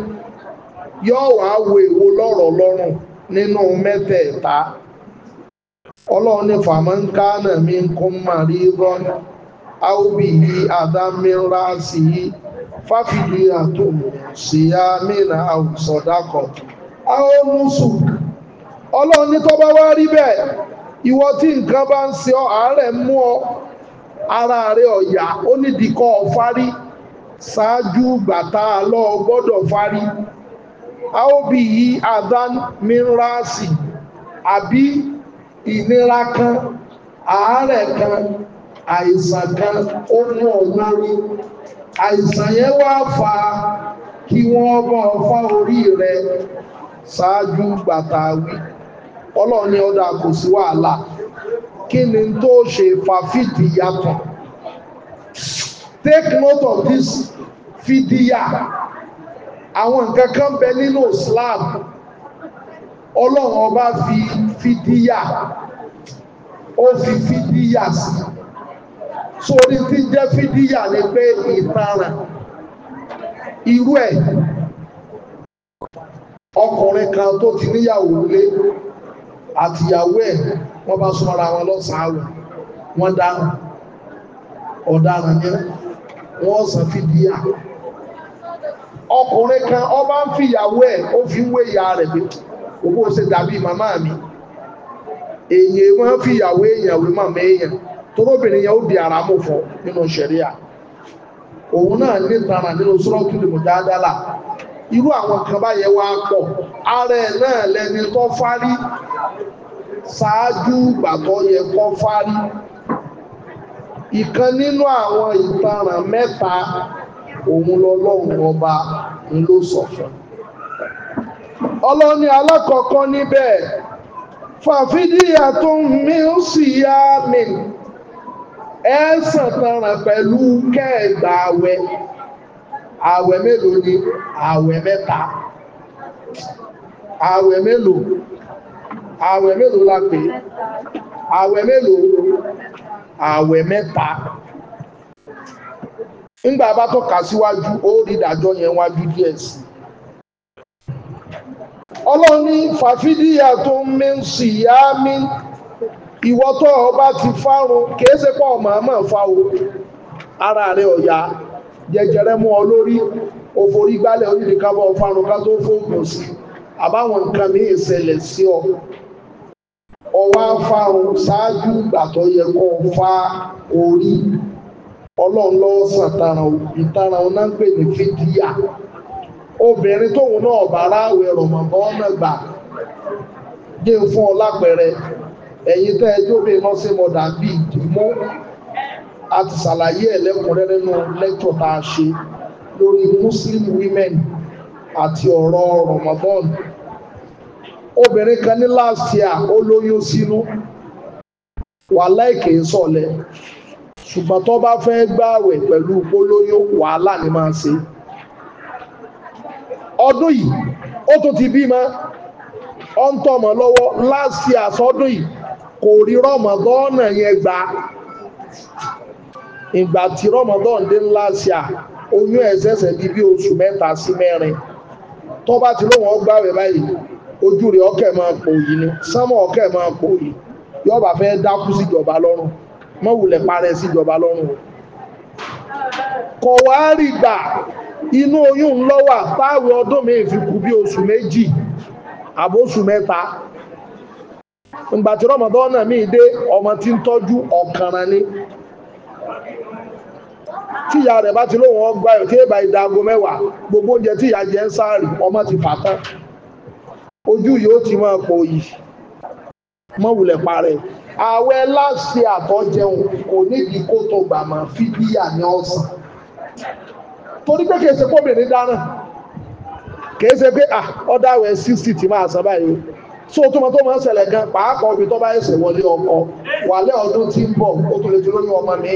yóò wá wo èwo lọ́rọ̀ lọ́rùn nínú mẹ́tẹ̀ẹ̀ta ọlọ́run ní fàmọ́ńkánà mi ń kún màrí rọ́nà áwùbí yìí àdámẹ́ra sí i fáfìlì àtòmù sí i àmìnà àwùsọ̀dákọ̀ áwòmùsù ọlọ́run ní tọ́ba bá wá rí bẹ́ẹ̀ ìwọ tí nǹkan bá ń ṣe ọ àárẹ̀ mú ọ ara rẹ̀ ọ̀yà ó nídìí kọ́ ọ ṣáájú gbàtà lọ gbọ́dọ̀ fárí a ó bí yí adán mìíràsì àbí ìnira kan àárẹ̀ kan àìsàn kan ó mú ọ̀nà rí àìsàn yẹn wá fa kí wọ́n bọ́ ọfá orí rẹ̀ ṣáájú gbàtà wí ọlọ́ọ̀ni ọ̀dà kò wàhálà. kí ni tó ṣe fàfíìdì yàtọ̀ take note of this fìdíyà àwọn nǹkan kan bẹ nínú Islam ọlọ́run ọba fi fìdíyà ó fi fìdíyà sí sórí tí jẹ́ fìdíyà ni pé ìtaràn irú ẹ̀ ọkùnrin kan tó ti níyàwó lé àtìyàwó ẹ̀ wọ́n bá súnmọ́ra wọn lọ́sàáwọ̀ wọ́n dáhùn ọ̀daràn ní wọ́n sàn fi di ya ọkùnrin kan ọba ń fi ìyàwó ẹ̀ ó fi ń wé ìyá rẹ̀ pé òkú ó ṣe dàbí màmá mi èyàn wọ́n fi ìyàwó èyàn wé màmá èyàn torobìnrin yẹn ó di ara nínú òun náà ní tara nínú lè mú ara ẹ̀ ṣáájú ìgbàgbọ́ yẹ kọ́ fárí ìkan nínú àwọn ìtanràn mẹ́ta òun lọ́lọ́run ọba ń ló sọ fún ọlọ́ni alákọ̀ọ́kọ́ níbẹ̀ fàfídíyà tó ń mí ó sì yá mi ẹ sàtàràn pẹ̀lú kẹ́ẹ̀gbà àwẹ̀ àwẹ̀ mélòó ni àwẹ̀ mẹ́ta àwẹ̀ mélòó àwẹ̀ mélòó la pè àwẹ̀ mélòó àwẹ̀ mẹ́ta ńgbà bá tọ́ka síwájú ó rí ìdájọ́ yẹn wájú díẹ̀ sí ọlọ́ni fàfídíyà tó ń mí ń sì yá mi tó ọba ti fárun kìí ṣe pọ̀ màmá fa o ara rẹ̀ ọ̀yà jẹjẹrẹ mú ọ lórí òforí gbálẹ̀ onídìí kábọ̀ fárun ká tó fóògùn sí àbáwọn nǹkan mí ìṣẹ̀lẹ̀ sí ọ wá fárun ṣáájú ìgbà tó yẹ kó fa orí ọlọ́run lọ́wọ́ sàn tàràn ìtàràn ọ̀nà ń pè ní fídíà obìnrin tóun náà bá ráwẹ̀ rọ̀mọ̀bọ́ ọ̀nà gbà dé e fún ọ lápẹẹrẹ ẹ̀yin tẹ́ ẹ jóbe lọ́sẹ̀ mọ̀dà bíi ìdìmọ́ a ti ṣàlàyé ẹ̀ lẹ́kùnrẹ́rẹ́ nínú lẹ́kítọ̀ tá a ṣe lórí muslim women àti ọ̀rọ̀ rọ̀mọ̀bọ́ọ̀nù obìnrin kan ní last year ó lóyún sínú wàhálà èkè sọ̀lẹ̀ ṣùgbọ́n tó bá fẹ́ gbààwẹ̀ pẹ̀lú polóyún wàhálà ni máa ṣe ọdún yìí ó tó ti bímọ ọ ń tọmọ lọ́wọ́ last yìí kò rí rọmọdọ́ọ̀nà yẹn gbà ìgbà tí ojú rẹ ọkẹ máa pò yìí ni sánmọ̀ ọkẹ máa pò yìí yọba fẹ́ dákú síjọba lọ́rùn mọ́wùlẹ̀ parẹ́ síjọba lọ́rùn kọ̀ wá rí gbà inú oyún lọ́wà táàwẹ̀ ọdún mi fi kú bí oṣù méjì àbóṣù mẹ́ta ìgbàtí rọmọdọ́ náà mi dé ọmọ tí ń tọ́jú ni tí rẹ̀ bá ti lóhun ọgbà ẹ̀ tí mẹ́wàá gbogbo oúnjẹ tí ìyá ń sáàrì ọmọ ti ojú yóò ti máa pọ̀ yìí mọ́wulẹ̀ parẹ́ ààwẹ̀ láṣẹ àtọ́jẹun kò nídìí kó tó gbà mọ́ fídíà ní ọ̀sán torí pé kìí ṣe kóbìnrin dáná kìí ṣe pé ah, ọ̀dà àwẹ̀ sixty ti máa sọ báyìí so tó máa tó máa ń ṣẹlẹ̀ gan pàápàá ibi tó bá ẹsẹ̀ wọlé ọkọ wàlẹ́ ọdún tí ń bọ̀ ó tó lè ti lóyún ọmọ mi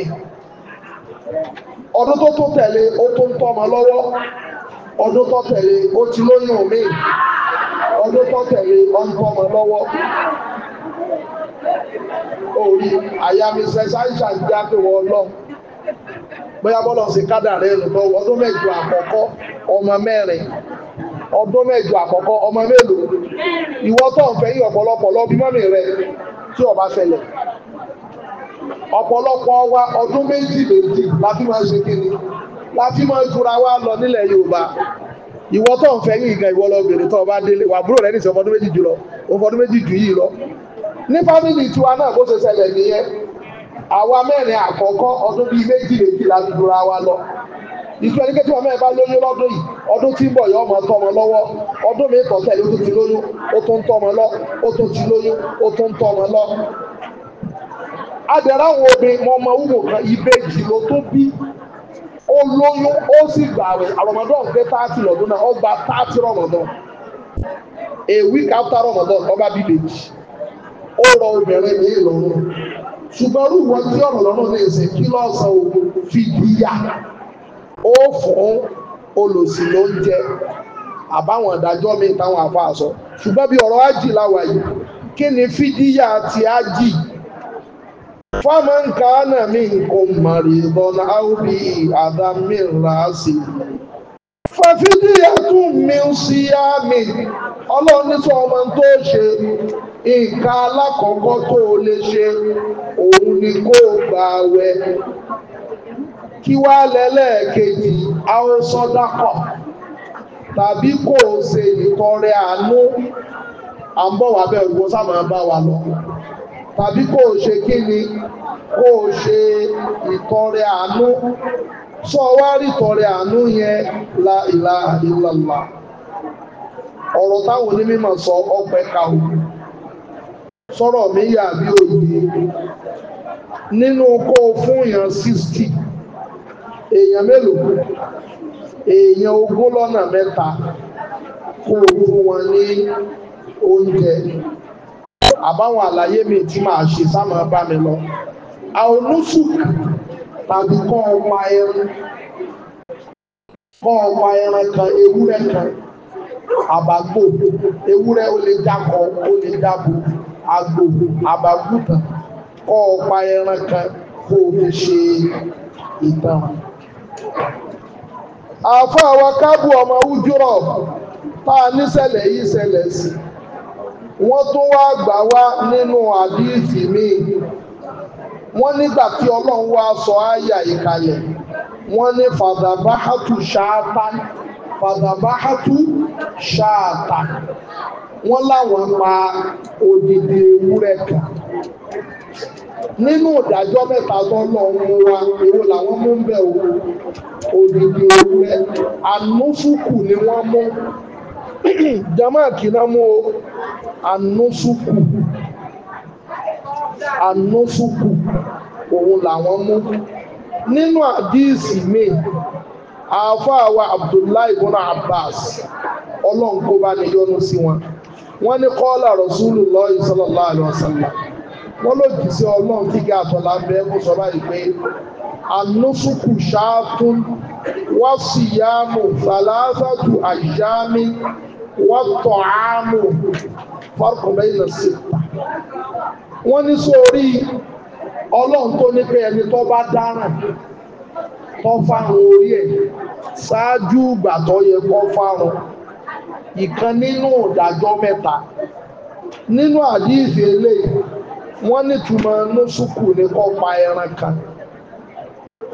ọdún tó tó tẹ̀lé ó tó ń tọ́ ọmọ lọ́wọ́ ọdún tó tẹ̀lé ó ti lóyún mi ọdún tó tẹ̀lé wọn bọ́ ọmọ lọ́wọ́ orí àyàmísẹ́ sáìsà ń já pé wọ́n lọ bóyá bọ́lọ̀ sí kádà rẹ̀ lọ́wọ́ ọdún mẹ́jọ àkọ́kọ́ ọmọ mẹ́rin ọdún mẹ́jọ àkọ́kọ́ ọmọ mélòó ìwọ tó ń fẹ́ yí ọ̀pọ̀lọpọ̀ lọ bí mọ́mì rẹ tí ó bá ṣẹlẹ̀ ọ̀pọ̀lọpọ̀ wa ọdún méjì méjì láti máa ṣe kíni láti máa jura wa lọ nílẹ̀ Yorùbá ìwọ tó ń fẹ́ gan ìwọ lọ bèrè tó ọba délé wà búrò rẹ ọmọdún méjì jù lọ ọmọdún méjì jù yìí lọ ní fámìlì tiwa náà bó ṣe ṣẹlẹ̀ nìyẹn àwa mẹ́rin àkọ́kọ́ ọdún bíi méjì la ti lọ ọmọ bá lóyún lọ́dún yìí ọdún tí ń bọ̀ yọ ọmọ lọ́wọ́ ọdún mi ti lọ ó tún ti lóyún ó lóyún ó sì gbààwẹ̀ Ramadan gbé táàtì lọ́dún náà ó gba táàtì Ramadan a week after Ramadan ọba bíi méjì ó rọ obìnrin ní ìlọrin ṣùgbọ́n rúwọ tí ọ̀rọ̀ lọ́rùn lè ṣe kí lọ́sàn ogun fi díyà ó fún olòṣì ló ń jẹ àbáwọn ìdájọ́ mi táwọn àfa àṣọ ṣùgbọ́n bí ọ̀rọ̀ ájì láwàyí kí ni fídíyà ti ájì faman kana minkum maridun aw bi adam min rasi fafidiyatun min siyami ọlọ́run ní ya ọmọ tó ṣe nǹkan alákọ̀ọ́kọ́ tó lè ṣe òun ni kó gbà kí wá lẹ́lẹ́ẹ̀kejì àwòsọ́dákọ̀ tàbí kó o ṣe sábà tàbí kò ṣe kí ni kò ṣe ìtọrẹ àánú sọ wá rí ìtọrẹ àánú yẹn la ilaha illallah ọ̀rọ̀ táwọn onímọ̀ sọ ọpẹ kàwé sọ̀rọ̀ mi yà bí òye nínú kó fún èèyàn sixty èèyàn mélòó èèyàn ogún lọ́nà mẹ́ta kó fún wọn ní oúnjẹ àbáwọn àlàyé mi tí máa ṣe sámọ bá mi lọ àwọn nusuk tàbí kọ́ ọpa ẹran kọ́ ọpa ẹran kan ewúrẹ́ kan àbàgbò ewúrẹ́ ó lè dákọ ó lè dábò àgbò àbàgùtàn kọ́ ọpa ẹran kan kó o fi ṣe ìtàn. àfọ àwọn káàbù ọmọ ujúrọ tá a níṣẹ̀lẹ̀ yìí ṣẹlẹ̀ sí i. wọ́n tún wá gbà wá nínú àdíìsì míì wọ́n nígbà tí ọlọ́run wá sọ àyà ìkàlẹ̀ wọ́n ní fàdàbáhátù ṣáátá fàdàbáhátù ṣáátá wọ́n láwọn pa odidi ewúrẹ́ kan nínú ìdájọ́ mẹ́ta tọ́lọ̀ mú wa èwo làwọn mú ń bẹ̀ ewúrẹ́ ànúfùkù ni wọ́n mú jama kìnnà mú o ànúsùkù ànúsùkù òun làwọn mú nínú àdíìsì míì àáfàá wa abdullahi ibn abbas ọlọ́run kó bá ní yọ́nú sí wọn wọ́n ní kọ́lá rasulullah sallallahu alaihi wasallam wọ́n ló jì sí ọlọ́run tí ga àtọ̀lá ń bẹ kó sọ báyìí pé ànúsùkù ṣáàtún wá síyámù fàlásàtù àyámi wọ́tọ̀áàmù fọ́rùkù bẹ́yìn sí wọ́n ní sórí ọlọ́run tó ní pé ẹni tó bá dáràn tó fáwọn orí ẹ̀ ṣáájú ìgbà tó yẹ kó fáwọn ìkan nínú ìdájọ́ mẹ́ta nínú àdíìsì eléyìí wọ́n nítumọ̀ lóṣùkù ní kó pa ẹran kan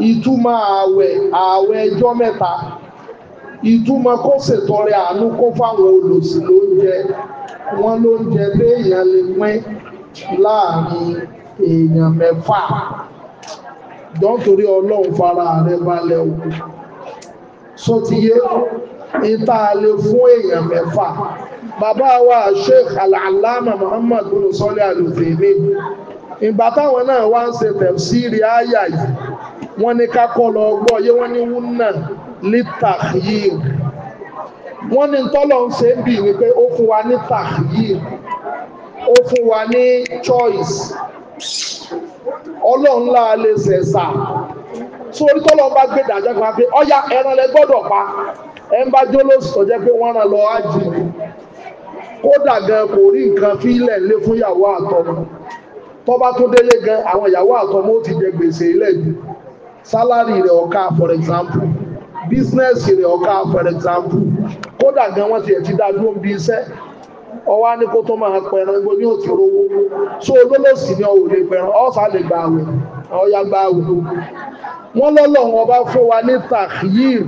ìtumọ̀ ààwẹ̀ ààwẹ̀ ẹjọ́ mẹ́ta ìtumọ̀ kó ṣètọrẹ àánú kó fáwọn olòṣì lóúnjẹ wọn lóúnjẹ téèyàn lè pín láàrin èèyàn mẹ́fà jọ́n torí ọlọ́run fara rẹ balẹ̀ o sọ ti yé ìta lè fún èèyàn mẹ́fà bàbá wa sheikh al-allama muhammad bin sọ́lẹ̀ al-Uthaymin ìgbà táwọn náà wá ń ṣe tẹ̀síìrì áyà yìí wọ́n ní kákọ́ lọ gbọ́ yé wọ́n ní wúnà lítà yìí wọ́n ní tọ́lọ̀ ń ṣe ń bì wípé ó fún wa ní yìí ó fún wa ní choice ọlọ́run láà lè ṣẹ̀ṣà sórí tọ́lọ̀ bá gbé dàjọ́ kan pé ọ̀yà ẹran lẹ gbọ́dọ̀ pa ẹ ń bá jólóòsì tó jẹ́ pé wọ́n ràn lọ ájì kódà gan kò rí nǹkan fílẹ̀ lé fún ìyàwó àtọmọ tó délé gan àwọn ìyàwó àtọmọ ó ti jẹ gbèsè ilẹ̀ yìí salary rẹ̀ ọ̀ka for example business rẹ̀ ọ̀ka for example kódà gan wọ́n ti ẹ̀ ti dá dúró bí iṣẹ́ ọwá ní tó máa ní òtí owó so olólòsì ni ọ̀hún lè lè gba gba wọn bá fún wa ní tahyir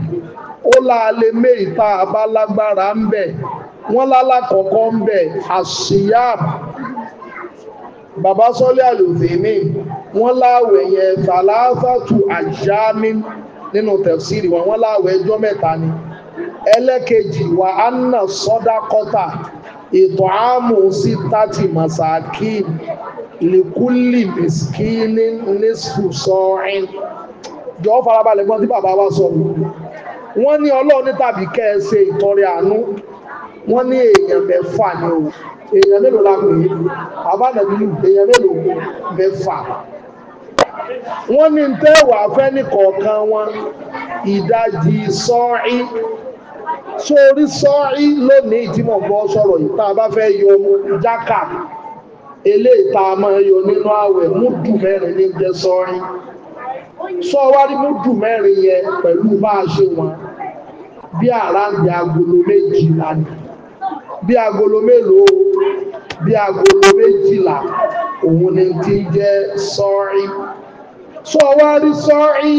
ó láalé méjìlá abálágbára ń bẹ̀ wọ́n lálákọ̀ọ́kọ́ ń bàbá sọ́lé àlùfèémì wọ́n láwẹ̀ yẹn sàlásàtù àjámí nínú tẹ̀síìrì wọn wọ́n láwẹ̀ ẹjọ́ mẹ́ta ni ẹlẹ́kejì wà á nà sọ́dá kọ́tà ètò àmù sí tàtì màsàkì lìkúlì mìsìkì ní sùsọ́rin jọ̀ọ́ farabalẹ̀ gbọ́n tí bàbá wa sọ̀rọ̀ wọ́n ní ọlọ́ọ̀ní tàbí kẹ́ ẹ ṣe ìtọrẹ àánú wọ́n ní èèyàn mẹ́fà ni o èèyàn mélòó la pè é bàbá nàbílù èèyàn mélòó mẹ́fà wọ́n ní tẹ́wàá fẹ́ ní kọ̀ọ̀kan wọn ìdajì sọ́ọ̀í sórí sọ́ọ̀í lónìí tí mo bọ́ sọ̀rọ̀ yìí tá a bá fẹ́ yọ ọmọ jákà eléyìí tá a máa yọ nínú ààwẹ̀ múdù mẹ́rin ní jẹ́ sọ́ọ̀í sọ́ọ̀wárí múdù mẹ́rin yẹn pẹ̀lú bá a ṣe wọn bí àrá agolo méjì lánàá bí agolo mélòó bí agolo méjìlá òun ni ti ń jẹ́ sọ́rí sọ wá rí sọ́rí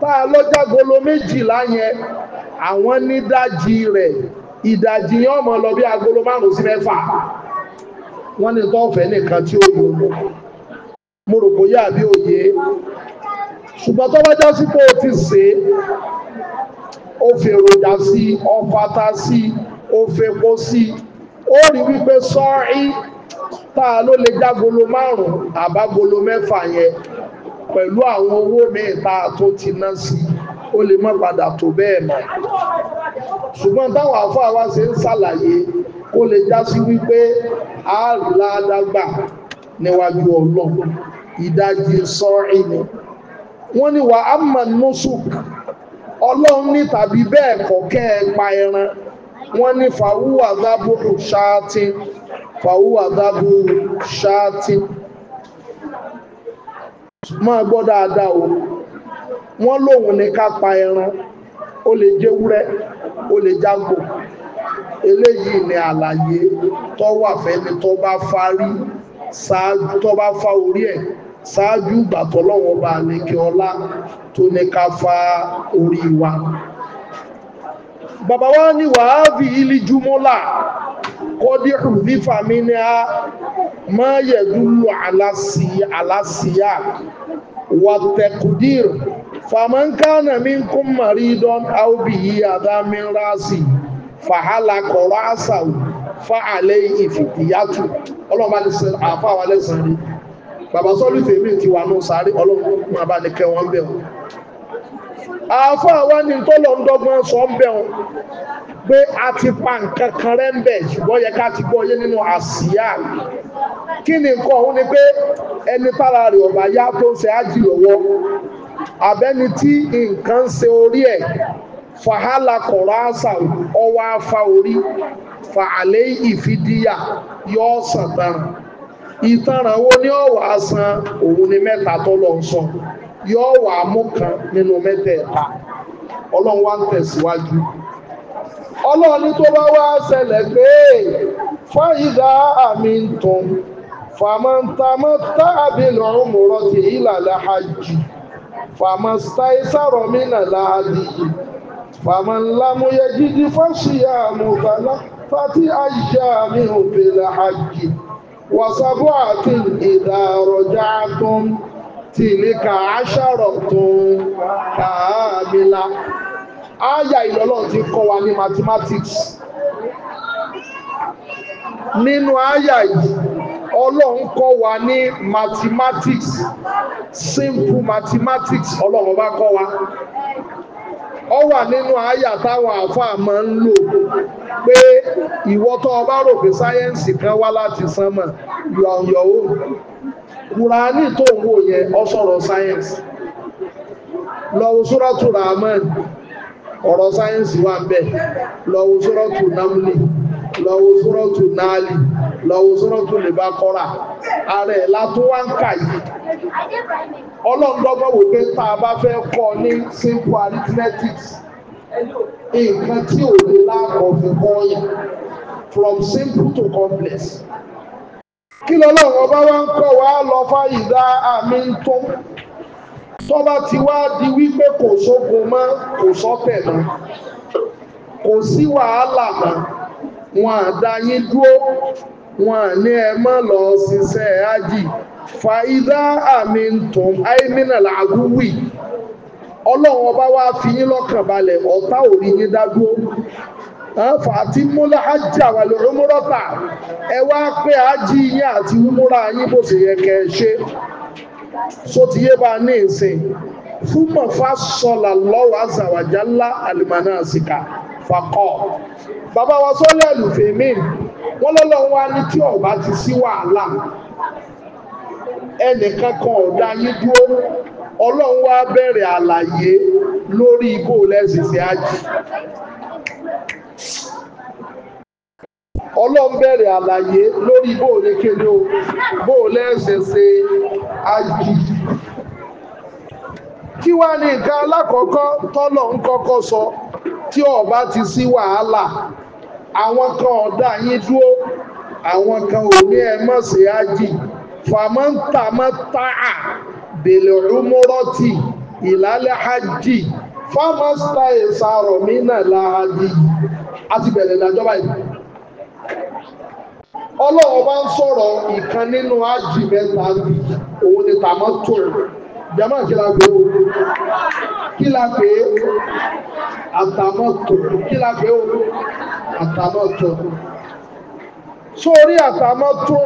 tá a lọ́jà agolo méjìlá yẹn àwọn nídajì rẹ̀ ìdajì yẹn ọmọ lọ bí agolo márùn sí mẹ́fà wọ́n ní tó ọ̀fẹ́ nìkan tí ó yọ mo rò bóyá àbí òye ṣùgbọ́n tó bá já sí pé o ti sè é o fèròjà sí ọfata sí i ó fepo sí i ó rí wípé sọ́ọ́rí tá a ló lè jágolo márùn-ún àbágolo mẹ́fà yẹn pẹ̀lú àwọn owó míì tá a tó ti ná sí i ó lè má padà tó bẹ́ẹ̀ mọ́ ṣùgbọ́n táwọn àfáà wa ṣe ń ṣàlàyé kó lè já sí wípé a rí ládàgbà níwájú ọlọ́run ìdajì sọ́ọ̀rì ni wọ́n ní wà á ọlọ́run ní tàbí bẹ́ẹ̀ kọ́ kẹ́ pa ẹran wọ́n ní fàwúwà dábùrù ṣáàtì fàwúwà dábùrù ṣáàtì máa gbọ́ dáadáa o wọ́n lóhun ní ká pa ẹran ó lè jẹ́wúrẹ́ ó lè jágbò eléyìí ni àlàyé tó wà fẹ́ni tó bá fárí ṣáájú tó bá fá orí ẹ̀ ṣáájú ìgbà bá ní kí ọlá tó ní ká fá orí wa bàbá wa ní wàhálì ilé jùmọ́là kọ́dí rùdífà mi ní a máa yẹ dúró àlàsíyà wàtẹ̀kùdìr fàmọ́nkánà mi kún màrídọ́n àwòbíyí àdámi ráàsì fàhálà kọ̀rọ̀ àṣàwò fàálẹ́ ìfìdíyàtù ọlọ́mà lẹ́sẹ̀ àfáwà lẹ́sẹ̀ rí bàbá sọ́lù tèmi ti wà ní sàárì ọlọ́mà àáfàá wa ní tọ́lọ̀ ń dọ́gbọ́n sọ ń bẹ̀ wọn pé a ti pa nǹkan kan rẹ̀ ń bẹ̀ ṣùgbọ́n yẹ ká ti gbọ́ nínú àsíá kí ni nǹkan ọ̀hún ni pé ẹni tára rẹ̀ ọ̀bà yá tó ń ṣe ájì lọ́wọ́ àbẹ́ni tí nǹkan ń ṣe orí ẹ̀ fàhálà kọ̀rọ̀ àṣà ọwọ́ afá orí fàálẹ́ ìfidíyà yóò sàtàn ìtanràn wo ni ọ̀wà san òun ni mẹ́ta tó lọ sọ yóò wà mú kan nínú mẹ́tẹ̀ẹ̀ta ọlọ́run wá ń tẹ̀síwájú ọlọ́run ní tó bá wá ṣẹlẹ̀ pé fáyidá àmì ń tún fàmọ́ntàmọ́ táàbí lọ́rùn mọ̀rọ̀ ti ìlàlá hajj fàmọ́sá ìsàrọ̀ mínà láàdì fàmọ́nlámúyẹ jíjí fásiyà mọ̀bálá fàtí àyíṣà mi ò bèèrè hajj àti ìdàrọ̀jà tó tìlíkà aṣọ́rọ̀ tó kàámìlá áyà ìlọ́lọ́ ti kọ́ wa ní mathematics nínú áyà yìí ọlọ́run kọ́ wa ní mathematics simple mathematics ọlọ́run bá kọ́ wa ọ wà nínú àyà táwọn àáfàá máa ń lò pé ìwọ tó o rò pé sáyẹ́ǹsì kan wá láti sánmọ̀ you are kùránì tó ń wò yẹn ó sọ̀rọ̀ sáyẹ́ǹsì lọ́wọ́ sóràtù rahman ọ̀rọ̀ sáyẹ́ǹsì wà ń lọ́wọ́ sóràtù namli lọ́wọ́ sóràtù nali lọ́wọ́ sóràtù lèbákọ́rà ààrẹ látúwá ń kà yìí ọlọ́ndọ́gbọ́n wò pé tá a bá fẹ́ kọ́ ní simple arithmetics nǹkan tí ò lè láàkọ̀ fi kọ́ yẹn from simple to complex kí lọ́lọ́run ọba wá ń kọ́ wa lọ fáyìdá àmì ń tó tọ́ba ti wá di wípé kò sógun mọ́ kò sọ́tẹ̀ mọ́ kò sí wàhálà mọ́ wọn àdá yín dúró wọn à ní ẹ mọ́ lọ ṣiṣẹ́ ájì fàyídá àmì ń tó àìmínà làágùwì ọlọ́run ọba wá fi yín lọ́kàn balẹ̀ ọ̀tá ò yín dá dúró fàtí múlá ájà wà lórí múrọ́tà ẹ wá pé ájì yín àti múra yín bó ṣe yẹ kẹ́ ẹ ṣe sótìyé bá a ní ìsìn fúnmọ̀ fásọ̀là lọ́wọ́ àzàwàjá ńlá àlùmọ́nà àsìkà fakọ́ bàbá wa sọ́lẹ̀ àlùfèmí wọ́n lọ́lọ́ wa ní tí ọba ti sí wàhálà ẹnìkan kan ọ̀dà yín dúró ọlọ́run wa bẹ̀rẹ̀ àlàyé lórí ibò lẹ́sìn sí ájì ọlọ́run bẹ̀rẹ̀ àlàyé lórí bóòlé kéde o bóòlé ẹ̀sẹ̀ ṣe ájì kí wá ní nǹkan alákọ̀ọ́kọ́ tọ́lọ̀ ń kọ́kọ́ sọ tí ọba ti sí wàhálà àwọn kan ọ̀dà yín dúró àwọn kan ò ní ẹ mọ̀ sí ájì fàmọ́ntàmọ́tà bèlè rúmọ́rọ́tì ìlàlẹ́ ájì fámásítà ìsàrọ̀ mí náà láàbí àti bẹ̀rẹ̀ ìdájọ́ báyìí. ọlọ́run bá ń sọ̀rọ̀ ìkan nínú ájì mẹ́ta òun ni tàmọ́ tó jama kí la pé o kí la pé àtàmọ́ tó la pé o àtàmọ́ tó sórí àtàmọ́ tó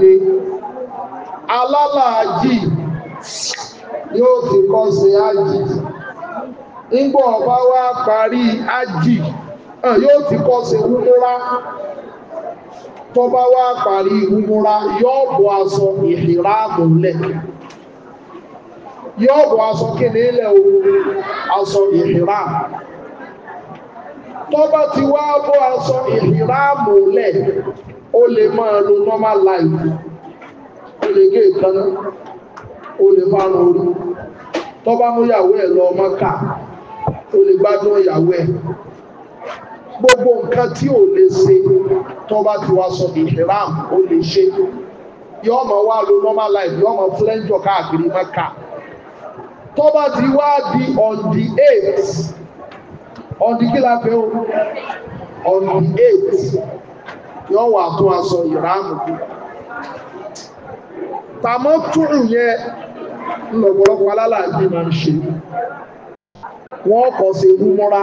ni alálàájì yóò ti kọ́ ṣe ájì nígbà ọba wá parí ájì yóò ti kọ́ ṣe wúmúra tó bá wá parí wúmúra yóò bọ́ aṣọ ìhìrá àmúlẹ̀ yóò bọ́ aṣọ kí ní ilẹ̀ ooru aṣọ ìhìrá tó ti wá bọ́ aṣọ ìhìrá àmúlẹ̀ ó lè máa lo normal life ó lè gé ìkaná ó lè fárun orí tó bá mú ìyàwó ẹ̀ lọ Mákà ó lè gbádùn ìyàwó ẹ̀ gbogbo nǹkan tí ò lè ṣe tó bá ti wá sọ ìhìrám ó lè ṣe yóò máa wá lo normal life yóò máa flẹ́ńjọ káàkiri Mákà tó bá ti wá di on the eight on the kí la o on the eight yóò wà tún aṣọ ìhìrám bí tàmọ́tún yẹn ńlọpọlọpọ alálàájì máa ń ṣe wọ́n kọ́ sí ewu mọ́ra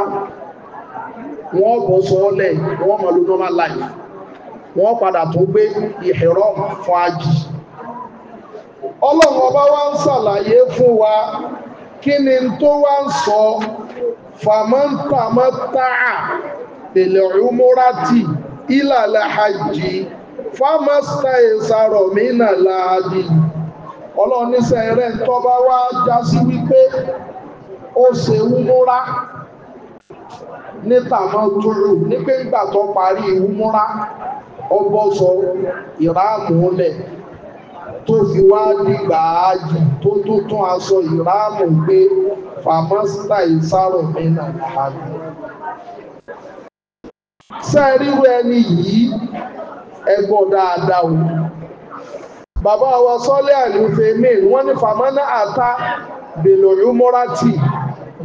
wọ́n bọ́ sọ́ọ́lẹ̀ wọ́n mọ̀ ló normal life wọ́n padà tó gbé ìhẹ̀rọ fún ajì ọlọ́run ọba wá ń ṣàlàyé fún wa kí ni tó wá ń sọ fàmọ́ntàmọ́tàà lèlè ọmọrátì ìlàlẹ̀ hajji fámọ́sítà ọlọ́run níṣẹ́ rẹ̀ tó bá wá já sí wípé ó ṣe wúmúrá níta máa ní pé tó parí sọ ìráàmù lẹ̀ tó fi wá dìgbà ájì tó tó tún aṣọ ìráàmù gbé fàmásítà ìsárò mẹ́nà àjò sẹ́ẹ̀ríwẹ̀ yìí ẹgbọ́ dáadáa o bàbá wa sọ́lẹ̀ àlùfẹ́mí wọ́n ní famana ata bèlòrúmọ́rátì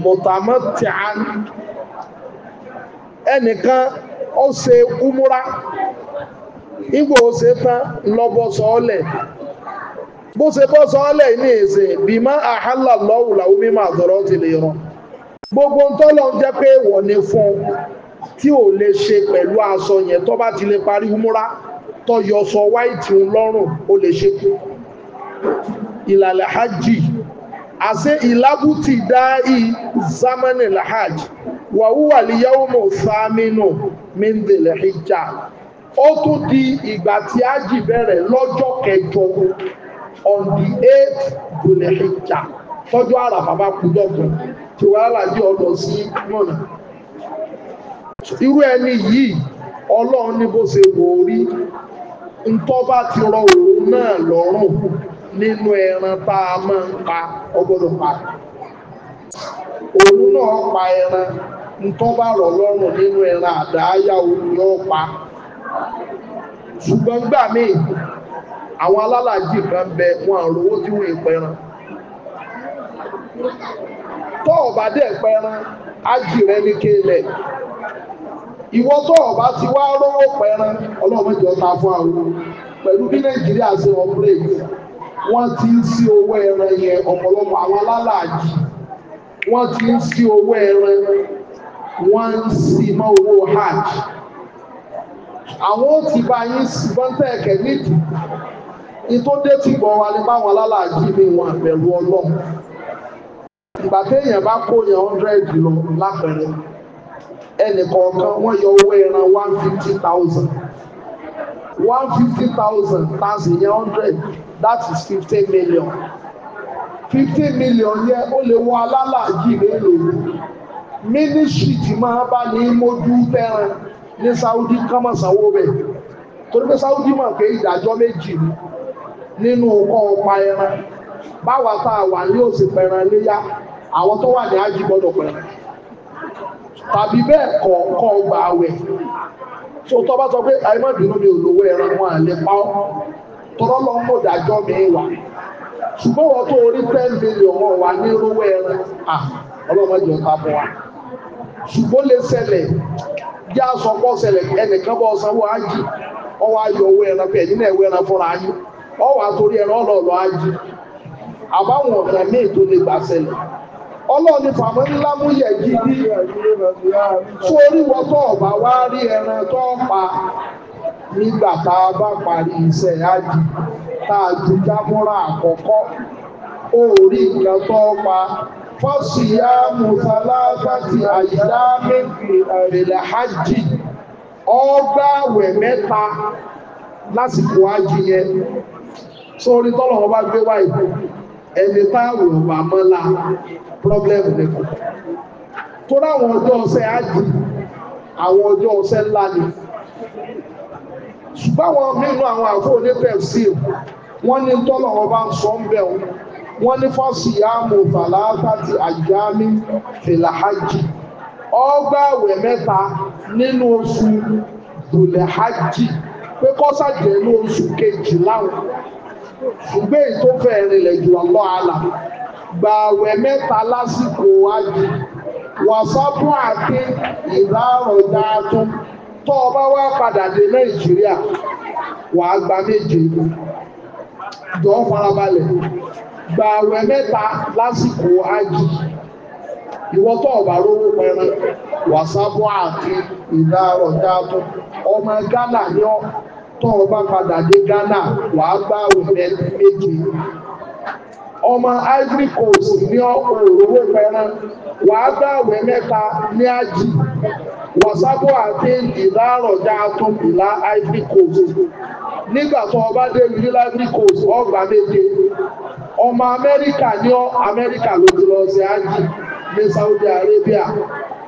mọ̀tàmọ́tìán ẹnìkan ó umura igbó ó tán lọ́bọ̀ sọ́ọ́lẹ̀ bó ṣe bọ́ sọ́ọ́lẹ̀ ní èsè bí má àhálà ti lè gbogbo ń jẹ́ pé ni fún tí ò lè ṣe pẹ̀lú aṣọ yẹn tó bá ti lè parí umura tọ́yọ sọ wáìtì lọ́rùn ó lè ṣe kú ìlàlẹ̀ hajj àṣẹ ìlábùtì dáì zamani lahaj wàhúwà lìyàwó sàmínú mindele hijja ó tún di ìgbà tí hajj bẹ̀rẹ̀ lọ́jọ́ kẹjọ on the eighth dole hijja tọ́jú ara bàbá kújọ́gbọ̀n tí wàhálà jẹ́ ọ̀dọ̀ sí mọ́nà irú ẹni yìí ọlọ́run ní bó ṣe wò ó rí ntọ́ bá ti rọ òun náà lọ́rùn nínú ẹran tá a máa ń pa ọgbọ́dọ̀ pa òun náà pa ẹran ntọ́ bá rọ̀ lọ́rùn nínú ẹran àdáyà òun náà pa ṣùgbọ́n gbà míì àwọn alálàájì kan bẹ wọn àrówó tí wọ́n ìpẹran tọ́ ọ̀bá dẹ̀ pẹran ájì rẹ ní kéèlẹ̀ ìwọ tó ọba ti wá rówó pẹran ọlọ́run jọ ta fún àwọn pẹ̀lú bí nàìjíríà ṣe ọ̀pẹ́rẹ́tì wọ́n ti ń sí owó ẹran yẹn ọ̀pọ̀lọpọ̀ àwọn alálàájì wọ́n ti ń sí owó ẹran wọ́n ń sí mọ́ owó hajj àwọn ó ti bá yín bọ́ńtẹ́ ẹ̀kẹ́ nídìí ìtòdé ti gbọ́ wa ní báwọn alálàájì mi wọn àbẹ̀wò ọlọ́run ìgbà téèyàn bá kó yẹn hundred lọ lápẹ̀rẹ̀ ẹnìkọ̀ọ̀kan wọ́n yọ owó ẹran one fifty thousand one fifty thousand times ìyẹn hundred that is fifteen million fifteen million yẹn ó lè wọ alálàájì mélòó mínísírì tí máa bá ní mójú fẹ́ràn ní Saudi kọ́mọ̀ sanwó bẹ̀ torí pé Saudi mọ̀ pé ìdájọ́ méjì nínú ọ̀pá ẹran báwa tá a wà ní òsì pẹ̀ràn léyà àwọn tó wà ní ájì gbọ́dọ̀ pẹ̀ràn. tàbí bẹ́ẹ̀ kọ̀ọ̀kan gbà wẹ̀ tó tọ́ sọ pé àìmọ́bìnrin mi olówó ẹran wọn à lè tọ́rọ́ lọ mọ̀ dájọ́ mi wà ṣùgbọ́n wọ́n tó orí ten million wọn wà ní lówó ẹran à ọlọ́mọ jẹ́ wa ṣùgbọ́n lè ṣẹlẹ̀ ṣẹlẹ̀ ẹnìkan bọ́ sanwó ájì ọwọ́ ọlọ́ọ̀ni fàmọ́ ńlá mú yẹ gidi tó orí wọ́pọ̀ ọ̀bà wá rí ẹran tó pa nígbà tá a bá parí iṣẹ́ ájì tá a ju jámúra àkọ́kọ́ ó rí nǹkan tó pa fọ́ọ̀sì yá mùsàlágbàtì àyíláàmì ìrìnlẹ̀ hajj ọgbà wẹ̀ mẹ́ta lásìkò ájì yẹn sórí tọ́lọ̀ wọn bá gbé wáyé ẹni táàrù ọ̀pá mọ́lá problem nìkan tó ráwọn ọjọ́ ọ̀sẹ̀ ájì àwọn ọjọ́ ọ̀sẹ̀ ńlá ni ṣùgbọ́n àwọn nínú àwọn àfọ onípẹ̀ sí wọ́n ní tọ́lọ̀ wọn bá ń sọ ń bẹ̀ wọn wọ́n ní fọ́ọ̀sì yáàmù tàlátà ti àjámí fìlàhájì ọgbàwẹ̀ mẹ́ta nínú oṣù dùlẹ̀hájì pé kọ́sàjẹ́ ní oṣù kejìlá ṣùgbọ́n èyí to fẹ́ rinlẹ̀ jù ọlọ́ àlà mẹ́ta lásìkò ájì wàsápù àti ìdáròdá tún tó o bá wá padà dé nàìjíríà wà á gba méje jọ farabalẹ̀ gbààwẹ̀ mẹ́ta lásìkò ájì ìwọ tó rówó wàsápù àti tún ọmọ Ghana ni tó o bá padà dé Ghana wà á gbá òfin méje ọmọ Ivory Coast ní òróró pẹran wà á gbá òwe mẹ́ta ní àjì wàsápò àti ìlàrọ̀jà tó ìlà Ivory Coast nígbà tó o bá dé ìlú Ivory Coast ọgbà méje ọmọ Amẹ́ríkà ní Amẹ́ríkà ló ti lọ sí àjì ní Saudi Arabia.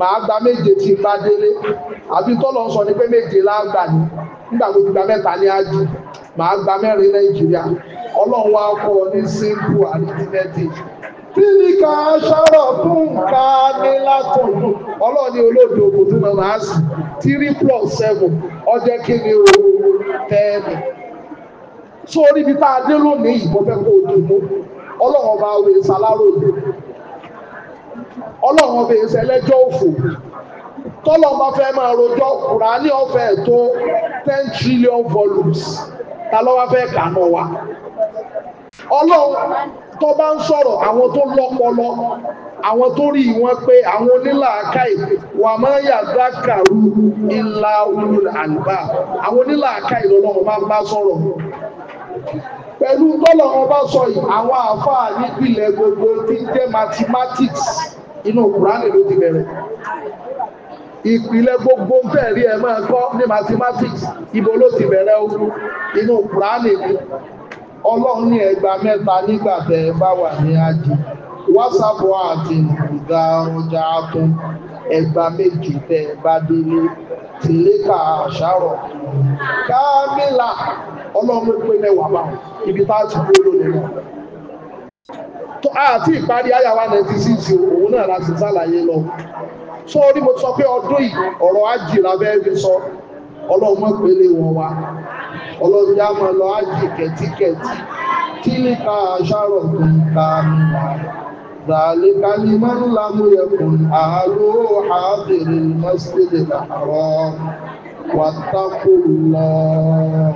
màá gba méje tí bá délé àbí tọ́lọ̀ sọ ni pé méje lágbà ní nígbà tó ti gba mẹ́ta ní ájú màá gba mẹ́rin nàìjíríà ọlọ́run wá kọ́ ọ ní simple arithmetic tílíkà aṣọ́rọ̀ fún ká ní látùn ọlọ́run ní olóòdò òkòtò náà máa sì three plus seven ọjọ́ kí ni o tẹ́ẹ̀mì sórí ibi tá a dé lónìí ìbọn fẹ́ kó o dùn mú ọlọ́run ọba òwe ṣàlárò ọlọ́run ọbẹ̀ ìṣẹ́ lẹ́jọ́ òfò tọ́lọ́ bá fẹ́ máa rojọ́ kùránì ọ̀fẹ́ tó ten trillion volumes ta ló wá fẹ́ kà náà wa ọlọ́run tó bá ń sọ̀rọ̀ àwọn tó lọ́pọlọ àwọn tó rí wọn pé àwọn onílàákàyè wà máa yà dákàrú ìlà òun àlùbá àwọn onílàákàyè lọ́lọ́run bá ń bá sọ̀rọ̀ pẹ̀lú tọ́lọ̀ wọn bá sọ yìí àwọn àáfàá nípìnlẹ̀ gbogbo tí ń jẹ́ mathematics inú kùránì ló ti bẹ̀rẹ̀ ìpìlẹ̀ gbogbo ń fẹ́ rí ẹ máa kọ́ ní mathematics ibo ló ti bẹ̀rẹ̀ o inú kùránì ni ọlọ́run ní ẹgbàá mẹ́ta nígbà tẹ̀ ẹ bá wà ní àjò wásàpù àti ìgbà ọjà atún ẹgbàá méjì tẹ̀ ẹ bá délé tìlẹ́kà àṣàrọ̀ kámílà ọlọ́run pé mẹ́wàá ibi tá a àti ìparí àyàwá 96 òun náà láti sàlàyé lọ sọ orí mo sọ pé ọdún yìí ọ̀rọ̀ lábẹ́ sọ ọlọ́run pélé wọn wa ọlọ́run yá máa lọ ájì kẹ̀tíkẹ̀tí kí ní ká tó ń ta nìyà máa ń lamú àlọ́ àbẹ̀rẹ̀ àárọ̀ واتقوا الله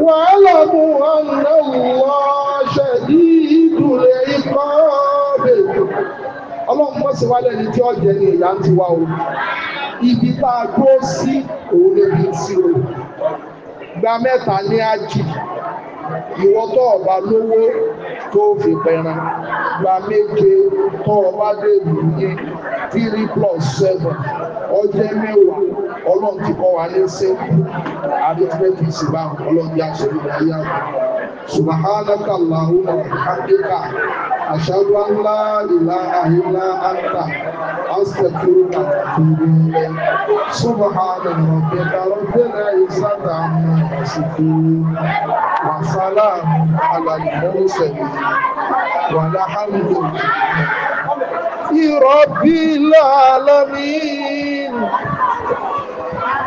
واعلموا أن الله شديد العقاب ọlọ́run mọ̀ sí wálé ẹni tí ó jẹ ní ìyá ń ti wá o ibi tá a dúró sí òun lè fi sí o gba mẹ́ta ní ájì ìwọ tó ọba lówó tó fi pẹran gba méje tó ọba dèlù yín three plus seven ọjọ́ mẹ́wàá ọlọ́run ti kọ́ wa ní sẹ́kù àdéfẹ́tì ìsìnbá ọlọ́run yá sórí ìdáyà subhanaka allahumma وسلام على المرسلين والحمد لله رب العالمين